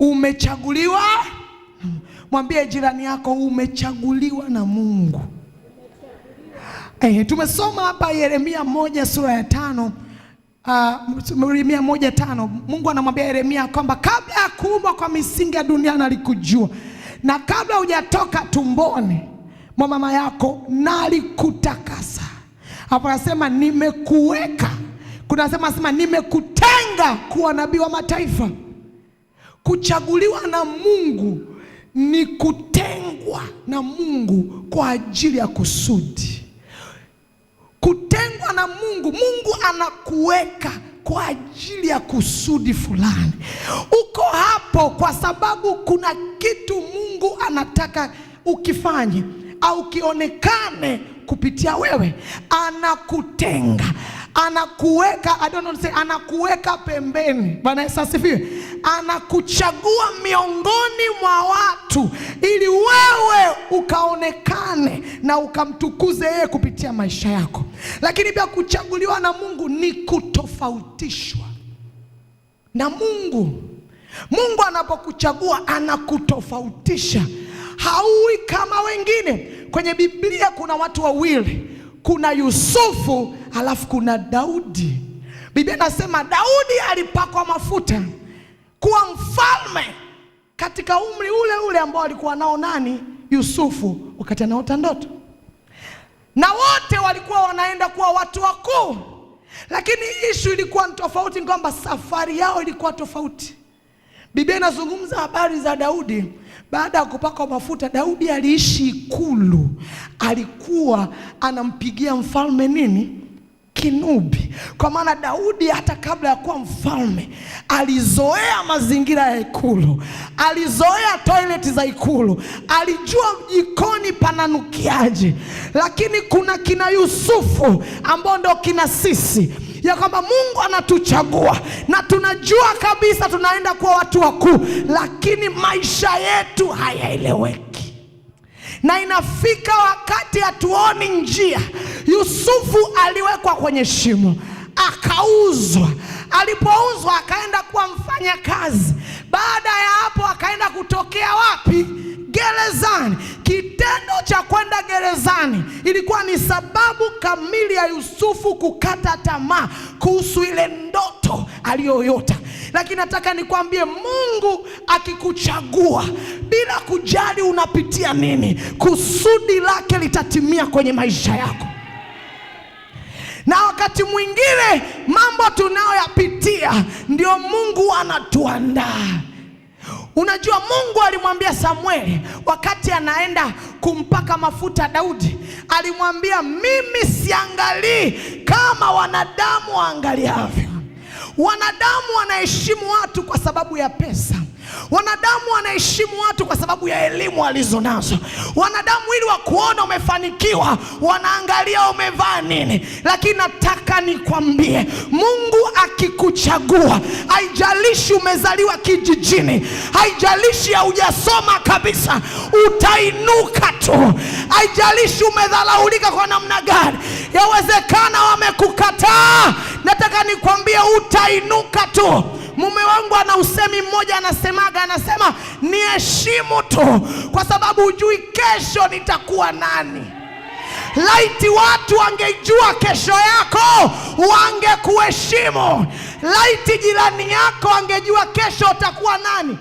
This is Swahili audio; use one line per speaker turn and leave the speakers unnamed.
Umechaguliwa, mwambie jirani yako umechaguliwa na Mungu. Eh, tumesoma hapa Yeremia moja sura ya tano uh, Yeremia moja tano. Mungu anamwambia Yeremia kwamba kabla ya kuumbwa kwa misingi ya dunia nalikujua na kabla hujatoka tumboni mwa mama yako nalikutakasa. Hapo anasema nimekuweka, kuna sema sema nimekutenga kuwa nabii wa mataifa. Kuchaguliwa na Mungu ni kutengwa na Mungu kwa ajili ya kusudi. Kutengwa na Mungu, Mungu anakuweka kwa ajili ya kusudi fulani. Uko hapo kwa sababu kuna kitu Mungu anataka ukifanye au kionekane kupitia wewe. Anakutenga anakuweka I don't know say, anakuweka pembeni. Bwana Yesu asifiwe. Anakuchagua miongoni mwa watu ili wewe ukaonekane na ukamtukuze yeye kupitia maisha yako. Lakini pia kuchaguliwa na Mungu ni kutofautishwa na Mungu. Mungu anapokuchagua anakutofautisha, haui kama wengine. Kwenye Biblia kuna watu wawili, kuna Yusufu halafu kuna Daudi. Biblia inasema Daudi alipakwa mafuta kuwa mfalme katika umri ule ule ambao alikuwa nao nani? Yusufu, wakati anaota ndoto, na wote walikuwa wanaenda kuwa watu wakuu, lakini ishu ilikuwa ni tofauti, kwamba safari yao ilikuwa tofauti. Biblia inazungumza habari za Daudi. Baada ya kupakwa mafuta, Daudi aliishi ikulu, alikuwa anampigia mfalme nini? kinubi, kwa maana Daudi hata kabla ya kuwa mfalme alizoea mazingira ya ikulu, alizoea toileti za ikulu, alijua jikoni pananukiaje. Lakini kuna kina Yusufu ambao ndio kina sisi ya kwamba Mungu anatuchagua na tunajua kabisa tunaenda kuwa watu wakuu, lakini maisha yetu hayaeleweki na inafika wakati hatuoni njia. Yusufu aliwekwa kwenye shimo, akauzwa. Alipouzwa akaenda kuwa mfanya kazi. Baada ya hapo, akaenda kutokea wapi? Gerezani. Kitendo cha kwenda gerezani ilikuwa ni sababu kamili ya Yusufu kukata tamaa kuhusu ile ndoto aliyoyota. Lakini nataka nikwambie, Mungu akikuchagua bila kujali unapitia nini, kusudi lake litatimia kwenye maisha yako. Na wakati mwingine mambo tunayoyapitia ndio Mungu anatuandaa. Unajua, Mungu alimwambia Samueli wakati anaenda kumpaka mafuta Daudi, alimwambia mimi siangalii kama wanadamu waangaliavyo Wanadamu wanaheshimu watu kwa sababu ya pesa. Wanadamu wanaheshimu watu kwa sababu ya elimu nazo Wanadamu ili wakuona umefanikiwa, wanaangalia umevaa nini. Lakini nataka nikwambie, Mungu akikuchagua, haijalishi umezaliwa kijijini, haijalishi haujasoma kabisa, utainuka tu. Haijalishi umedhalaulika kwa namna gani, yawezekana hiyo utainuka tu. Mume wangu ana usemi mmoja anasemaga, anasema heshimu tu, kwa sababu hujui kesho nitakuwa nani. Laiti watu wangejua kesho yako wangekuheshimu. Laiti jirani yako angejua kesho utakuwa nani.